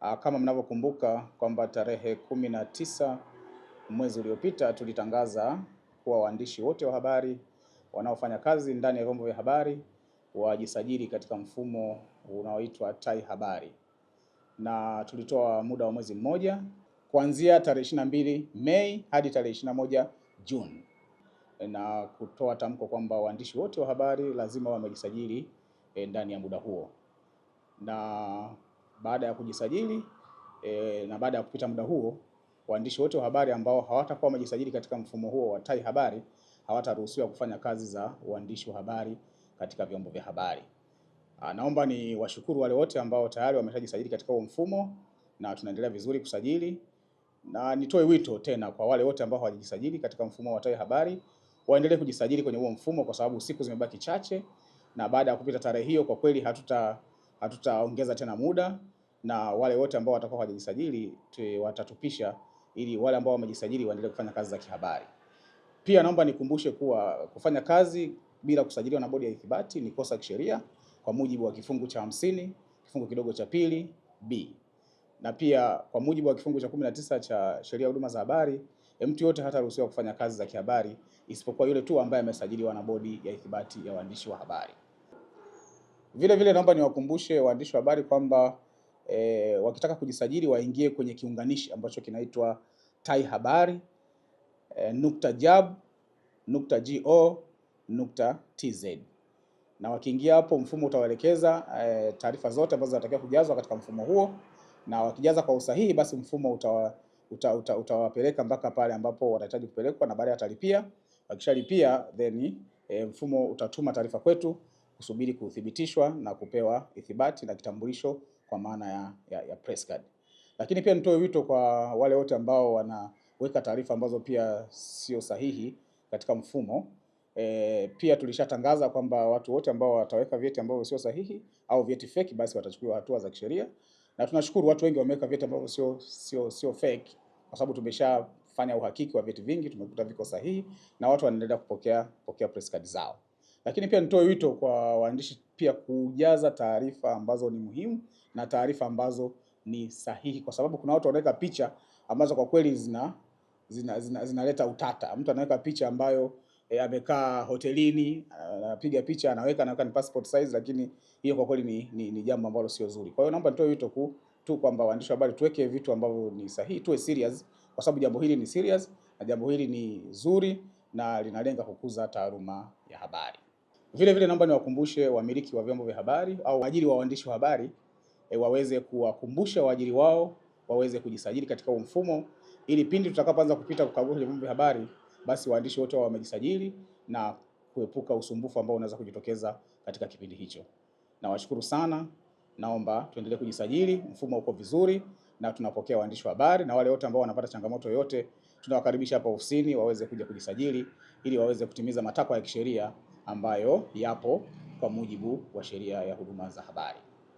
Ah, kama mnavyokumbuka kwamba tarehe kumi na tisa mwezi uliopita tulitangaza kuwa waandishi wote wa habari wanaofanya kazi ndani ya vyombo vya habari wajisajili katika mfumo unaoitwa Tai Habari, na tulitoa muda wa mwezi mmoja kuanzia tarehe 22 Mei hadi tarehe 21 Juni, na kutoa tamko kwamba waandishi wote wa habari lazima wamejisajili eh, ndani ya muda huo na baada ya kujisajili e, na baada ya kupita muda huo, waandishi wote wa habari ambao hawatakuwa wamejisajili katika mfumo huo wa Tai Habari hawataruhusiwa kufanya kazi za uandishi wa habari katika vyombo vya habari. Naomba ni washukuru wale wote ambao tayari wameshajisajili katika huo mfumo na tunaendelea vizuri kusajili, na nitoe wito tena kwa wale wote ambao hawajisajili katika mfumo wa Tai Habari waendelee kujisajili kwenye huo mfumo, kwa sababu siku zimebaki chache, na baada ya kupita tarehe hiyo, kwa kweli hatuta hatutaongeza tena muda, na wale wote ambao watakuwa hawajajisajili watatupisha, ili wale ambao wamejisajili waendelee kufanya kazi za kihabari. Pia naomba nikumbushe kuwa kufanya kazi bila kusajiliwa na bodi ya ithibati ni kosa kisheria kwa mujibu wa kifungu cha hamsini kifungu kidogo cha pili B na pia kwa mujibu wa kifungu cha 19 cha sheria ya huduma za habari, mtu yote hataruhusiwa kufanya kazi za kihabari isipokuwa yule tu ambaye amesajiliwa na bodi ya ithibati ya waandishi wa habari. Vile vile naomba niwakumbushe waandishi wa habari kwamba e, wakitaka kujisajili waingie kwenye kiunganishi ambacho kinaitwa Tai Habari e, nukta jab nukta go nukta tz na wakiingia hapo mfumo utawaelekeza e, taarifa zote ambazo zinatakiwa kujazwa katika mfumo huo, na wakijaza kwa usahihi, basi mfumo utawa, uta, uta, utawapeleka mpaka pale ambapo wanahitaji kupelekwa, na baadaye atalipia. Wakishalipia then e, mfumo utatuma taarifa kwetu kusubiri kuthibitishwa na kupewa ithibati na kitambulisho kwa maana ya, ya, ya press card. Lakini pia nitoe wito kwa wale wote ambao wanaweka taarifa ambazo pia sio sahihi katika mfumo. E, pia tulishatangaza kwamba watu wote ambao wataweka vyeti ambavyo sio sahihi au vyeti fake basi watachukuliwa hatua za kisheria, na tunashukuru watu wengi wameweka vyeti ambavyo sio sio sio fake, kwa sababu tumeshafanya uhakiki wa vyeti vingi, tumekuta viko sahihi na watu wanaendelea kupokea pokea press card zao. Lakini pia nitoe wito kwa waandishi pia kujaza taarifa ambazo ni muhimu na taarifa ambazo ni sahihi, kwa sababu kuna watu wanaweka picha ambazo kwa kweli zina zinaleta zina, zina utata. Mtu anaweka picha ambayo e, amekaa hotelini anapiga picha anaweka anaweka ni passport size, lakini hiyo kwa kweli ni, ni, ni jambo ambalo sio zuri. Kwa hiyo naomba nitoe wito ku, tu kwamba waandishi wa habari tuweke vitu ambavyo ni sahihi, tuwe serious kwa sababu jambo hili ni serious na jambo hili ni zuri na linalenga kukuza taaluma ya habari. Vile vile naomba niwakumbushe wamiliki wa vyombo vya habari au waajiri wa waandishi wa habari e, waweze kuwakumbusha waajiri wao waweze kujisajili katika huo mfumo ili pindi tutakapoanza kupita kukagua vyombo vya habari basi waandishi wote wamejisajili na kuepuka usumbufu ambao unaweza kujitokeza katika kipindi hicho. Nawashukuru sana, naomba tuendelee kujisajili, mfumo uko vizuri na tunapokea waandishi wa habari na wale wote ambao wanapata changamoto yote tunawakaribisha hapa ofisini waweze kuja kujisajili ili waweze kutimiza matakwa ya kisheria ambayo yapo kwa mujibu wa sheria ya huduma za habari.